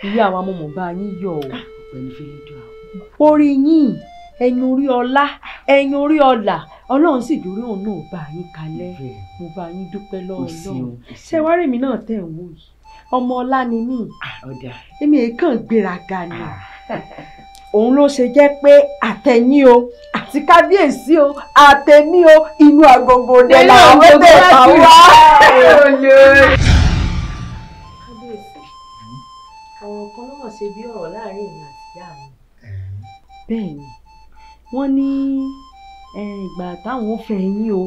ìyá ah, àwọn amọ̀mọ̀ba yín yọ̀ ah, ọ́. orí yín ẹyin orí ọlá ẹyin orí ọlà ọlọ́run sì dúró òun náà bá yín kalẹ̀ mo bá yín dúpẹ́ lọ́wọ́ ọlọ́run ṣé náà tẹ̀ ń wò yìí ọmọ ọlá ni mí ah, èmi èkán gbéraga ni. òun ló ṣe jẹ́ pé àtẹ̀yìn o àti kábíyèsí o àtẹ̀mí o inú agogo dẹ̀ làwọn mẹ́tẹ̀ẹ̀ta wá. kábíyèsí ọ̀rọ̀ kan ló mọ̀ ṣe bí ọ̀rọ̀ láàrin ìyá àtìyá mi. bẹ́ẹ̀ ni wọ́n ní ìgbà táwọn ò fẹ́ yín o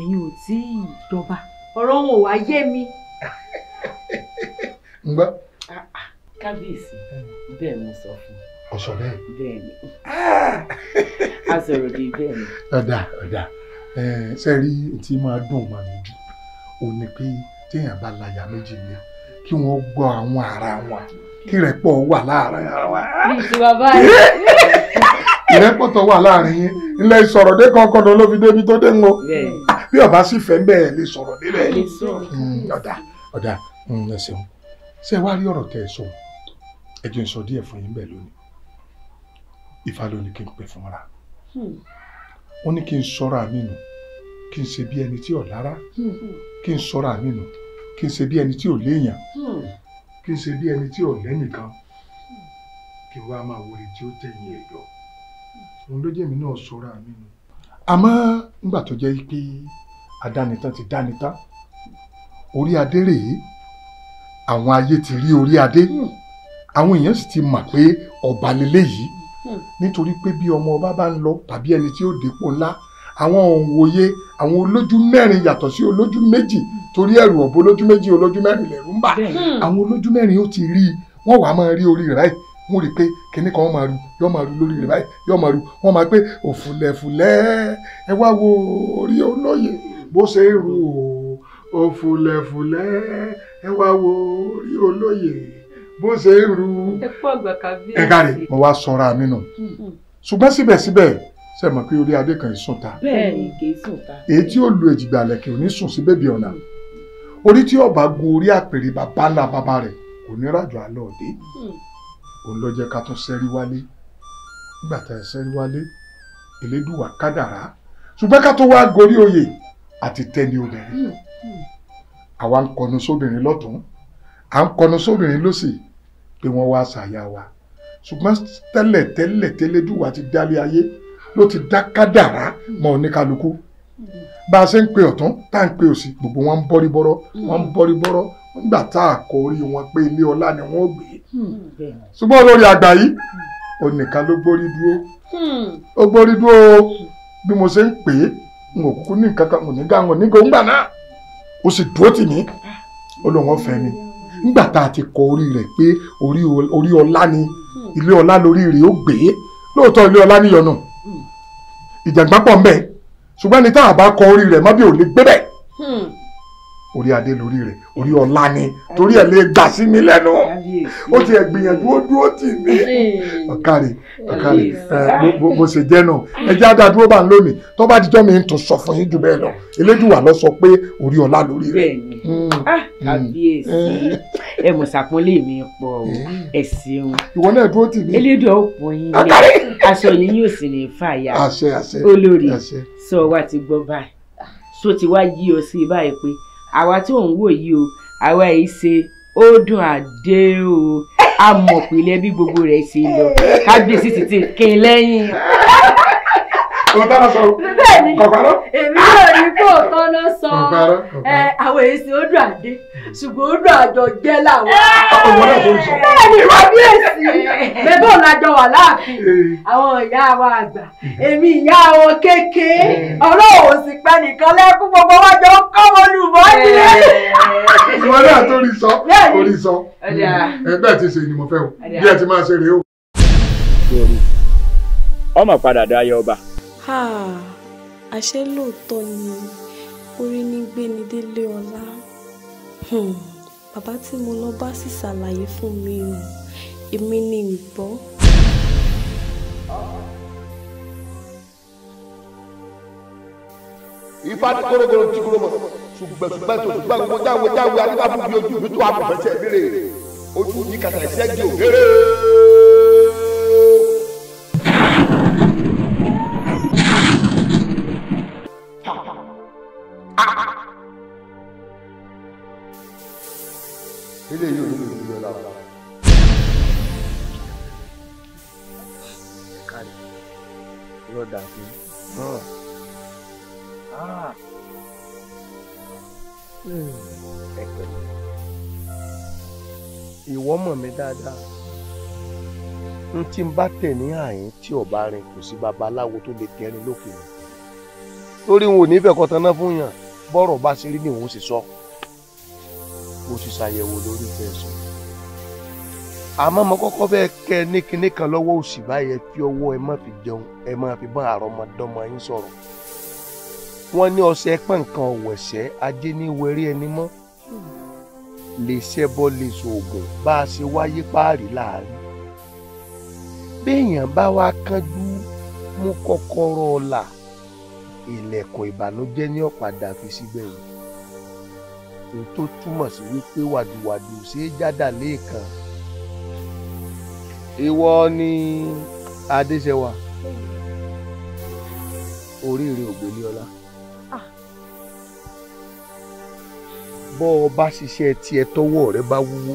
ẹ̀yin ò tí ì dọba ọ̀rọ̀ wọn ò wá yé mi. ǹgbọ́. kábíyèsí bẹ́ẹ̀ mo sọ fún un sọ bẹ́ẹ̀. bẹ́ẹ̀ni ah! a sọ̀rọ̀ di bẹ́ẹ̀ni. ọ̀dà ọ̀dà ṣe rí tí máa dùn máa mi jù ò ní pé téèyàn bá láyà méjì ni kí wọ́n gbọ́ àwọn ara wọn kí rẹ̀pọ̀ wà láàrin ara wọn. bí ti bàbá rẹ. ìrẹ́pọ̀ tó wà láàrin yín ilẹ̀ ìsọ̀rọ̀ dé kankan ló fi débi tó dé ń wo bí ọba sì fẹ́ bẹ́ẹ̀ lè sọ̀rọ̀ débẹ̀ hmm, ọ̀dà ọ̀dà hmm, ẹ ṣeun ṣé wàá rí ọ̀rọ̀ tẹ́ ẹ sọ ẹ jẹ́ n sọ díẹ̀ fún yín bẹ́ẹ̀ lónìí. Ifá ló ní kí n pè fún ra hmm. ó ní kí n sọ́ra mi nù kí n ṣe bí ẹni tí ò lára hmm. kí n sọ́ra mi nù kí n ṣe bí ẹni tí ò léèyàn hmm. kí n ṣe bí ẹni tí ò lẹ́nìkan kí wàá máa wọlé tí ó tẹ̀yìn ẹ̀ lọ òun ló jẹ́mi náà sọ́ra mi nù. àmọ́ nígbà tó jẹ́ pé adánitán ti dánitán orí adé rèé àwọn ayé ti rí orí adé àwọn èèyàn sì ti mọ̀ pé ọba lélẹ́yìí nítorí pé bí ọmọ ọba bá ń lọ tàbí ẹni tí ó dépò ńlá àwọn òǹwòye àwọn olójú mẹ́rin yàtọ̀ sí olójú méjì torí ẹ̀rù ọ̀bọ olójú méjì olójú mẹ́rin lẹ̀rù ń bà àwọn olójú mẹ́rin ó ti rí i wọ́n wàá máa rí orí rẹ̀ báyìí wọ́n rí i pé kinní kan máa ru yọ́ máa ru lórí rẹ̀ báyìí yọ́ máa ru wọ́n máa pé òfùlẹ̀fùlẹ̀ ẹ wá wo orí olóye bó ṣe ń ru òfùlẹ̀fùlẹ̀ ẹ wá wo orí olóye bó ṣe ń ru ẹ̀ka rẹ̀ mo wá sọra mi nù ṣùgbọ́n síbẹ̀síbẹ̀ ṣe mọ̀ pé orí adé kan ìsùn ta èyí tí ó lu èjìgbà lẹ̀kẹ̀ òní sùn sí bèbí ọ̀nà orí tí ọba gun orí àpèrè bàbá ńlá bàbá rẹ̀ kò ní rájò alẹ́ òde mm. òun ló jẹ́ ká tún ṣẹ́rí wálé nígbà tá a ṣẹ́rí wálé elédùwà kádàrá ṣùgbọ́n ká tó wá gorí oyè àti tẹ́ni obìnrin mm. àwa ń kọnu sóbìnrin lọ́tún à ń kọnu sóbìnrin lọ́sì pé wọ́n wá ṣàyà wa ṣùgbọ́n tẹ́lẹ̀ tẹ́lẹ̀ tẹ́lẹ́dùwà ti dálé ayé ló ti dá kádàrá mọ́ oníkálukú bá a ṣe ń pe ọ̀tún tá à ń pe òsì gbogbo wọn ń bọ́rí bọ́rọ́ wọn ń bọ́rí bọ́rọ́ nígbà tá a kọ orí wọn pé ilé ọlá ni wọn ò gbé ṣùgbọ́n olórí àgbà yìí onìkan ló gbórí dúró ó gbórí dúró bí mo ṣe ń pè é n ò kúkú ní nǹkan kan ò ní gà ní gòńgbà náà ó sì dúró tì mí ó lóun ọ̀fẹ́ mi nígbà tá a ti kọ orí rẹ̀ pé orí ọlá ni ilé ọlá lórí rẹ̀ ó gbé lóòótọ́ ilé ọlá níyọnu hmm. ìjàgbá pọ̀ mbẹ́ ṣùgbọ́n ẹni tá a bá kọ orí rẹ̀ mọ́ bí ò lè gbé bẹ́ẹ̀ hmm. orí adé lórí rẹ̀ orí ọlá ni torí ẹ̀ lè gbà sí mi lẹ́nu ó ti ẹ̀ gbìyànjú ó dúró tì mí ọ̀kàrè ọ̀kàrè bó ṣe jẹ́ náà ẹjẹ́ adá dúró bá ń lónìí tó bá dijọ́ mi ń tún sọ fún yín jù bẹ́ẹ̀ lọ elédùwà lọ sọ pé orí ọlá lórí rẹ̀. Mm. Ah, kábíyèsí mm. Mm. ẹ mọ̀ sàpọ́nlé mi pọ̀ o ẹ ṣeun ìwọ náà dúró tì mí elédùn ọ̀pọ̀ yín ni aṣọ yín yóò sì ní fàyà olórí sọ wa ti gbọ́ báyìí sọ ti wá yí ọ sí báyìí pé àwa tí ò wò yìí o àwa yìí ṣe ó dùn àdé o a mọ̀ pé ilé bí gbogbo rẹ̀ ṣe lọ kábíyèsí ti ti kín lẹ́yìn òótọ́ lọ sọ. bẹ́ẹ̀ni kọ̀kọ́rọ́. èmi náà ní kó òótọ́ lọ sọ. kọ̀kọ́rọ́ ẹ àwọn èsì odò àdé ṣùgbọ́n odò àjọ jẹ́ làwọn. ọmọ náà tó ń sọ. bẹ́ẹ̀ni kábíyèsí bẹ́ẹ̀ bọ́ọ̀ lájọ wà láàfin àwọn ìyá wa àgbà èmi ìyá wọn kéèké ọlọ́wọ́ sì pẹ́ nìkan lẹ́kún gbogbo wájọ kọ́ wọn lù mọ́ nílé. ìwọ náà tó rí sọ tó rí sọ ẹgbẹ́ ti ṣe ni mo fẹ́ o bí ẹ ti máa ṣe rèé o. ọmọ padà dá ayé ọba háà àṣẹ lóòótọ́ ni orínigbénidélé ọlá um bàbá tí mo lọ bá sì ṣàlàyé fún mi o èmi ni n gbọ́ ifá tí korokoro tí koro mọ ṣùgbẹ́ṣùgbẹ́ tó ṣùgbẹ́ gbogbo jáwé jáwé adébábù bí ojú mi tó àbùfẹ́sẹ̀ mi rè ojú yìí kàtà ìṣẹ́jú òkèrè. ilé yìí ò ní lè yọ lára. kárí yóò dà sí i. Ah. ìwọ mọ̀ mí dáadáa n tí n bá tẹ̀ ní àyín tí ọba rìn kò sí babaláwo tó lè tẹ́rin lókè torí n ò ní fẹ́ kọ́ tán náà fún yàn bọ́rọ̀ bá ṣe rí ni òun sì sọ mo sì ṣàyẹ̀wò lórí ìfẹ́ sọ àmọ́ mo kọ́kọ́ fẹ́ kẹ́ ní kinní kan lọ́wọ́ òsì báyìí ẹ fi ọwọ́ ẹ má fi jẹun ẹ má fi bá àrọ́mọdọ́mọ yín sọ̀rọ̀ wọ́n ní ọṣẹ pẹ́ nǹkan ọ̀wẹ̀ṣẹ́ ajé ní wẹrí ẹni mọ́ lè ṣẹbọ lè ṣoògùn bá a ṣe wáyé páàrí láàrin béèyàn bá wá kánjú mú kọ́kọ́rọ́ ọ̀la ilẹ̀kùn ìbànújẹ́ ní ọ̀padà fi síbẹ̀ yìí èyí tó túmọ̀ sí wípé wàdùwàdù ṣe é jádà lẹ́ẹ̀kan ìwọ ni adéṣẹwà oríire ògbélé ọlá ah. bọ́ ọ bá ṣiṣẹ́ tiẹ̀ tọ́wọ́ rẹ bá wúwo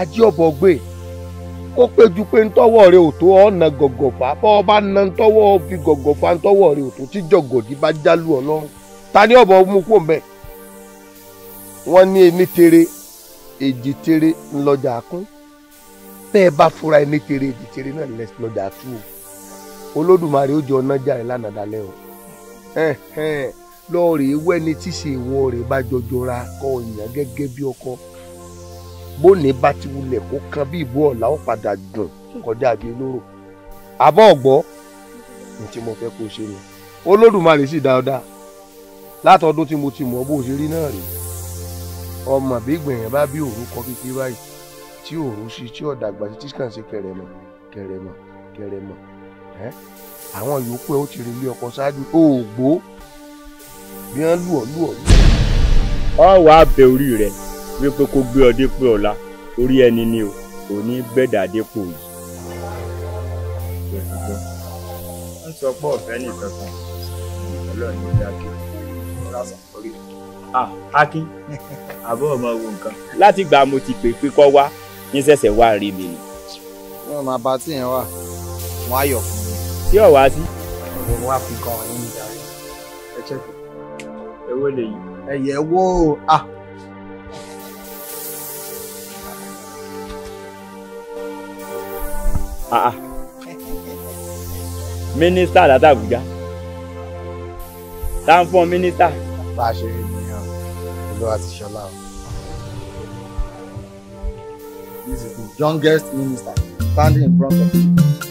ajé ọ̀bọ gbé kó péjú pé ntọ́wọ́ rẹ ò tó ọ̀nà gọ̀gọ̀fà na ntọ́wọ́ fi gọ̀gọ̀fà ntọ́wọ́ rẹ ò tó tí jọ̀gọ̀dì bá jálù ọ lọ́rùn ta ni ọ̀bọ̀ mú kó mbẹ́ wọ́n ní ẹni tere èjì tere o olódùmarè ó o ìwọ bá ọkọ bóni bá ti wulẹ̀ kó kan bí ìbú ọ̀la ó padà dùn kọjá bíi lóró àbọ̀ ọ̀gbọ́ ní tí mo fẹ́ kó ṣe ni olódùmarè sì dáadáa látọdún tí mo ti mọ̀ bó ṣe rí náà rèé ọmọ bí gbìyànjú bá bí òru kọ kékeré báyìí tí òru sí tí ọ̀dàgbà títí kàn sí kẹrẹmọ kẹrẹmọ kẹrẹmọ ẹ àwọn yòókù ẹ ó ti rí ilé ọkọ ṣáájú òògbó bí wọn lù ọ lù ọ lù ọ. ọ wàá bẹ orí rẹ wípé kó gbé ọ dépò ọ̀la orí ẹni ni o ò ní gbẹ̀dà dépò yìí. ń sọ pé ọ̀fẹ́ nìkan kan ọlọ́run ní dákì lásán orí. akin àbọ̀ ọmọ wo nǹkan. láti gbà mo ti pè pé kọ́ wá ní sẹ̀sẹ̀ wá rí mi ni. máa bá tí yẹn wà wọn á yọ fún mi. tí ọ̀ wá sí. ọ̀rọ̀ wa fi kan ọ̀yìn ìdarí ẹ̀ ṣẹ́kù ẹ̀ wọ́n lè yí. ẹ̀yẹ̀ wo ah. Ah, ah. Minister, láti Àbújá tá ń fún minister. bá a ṣe rí nìyẹn olúwa ti ṣọlá o this is the youngest minister standing in front of you.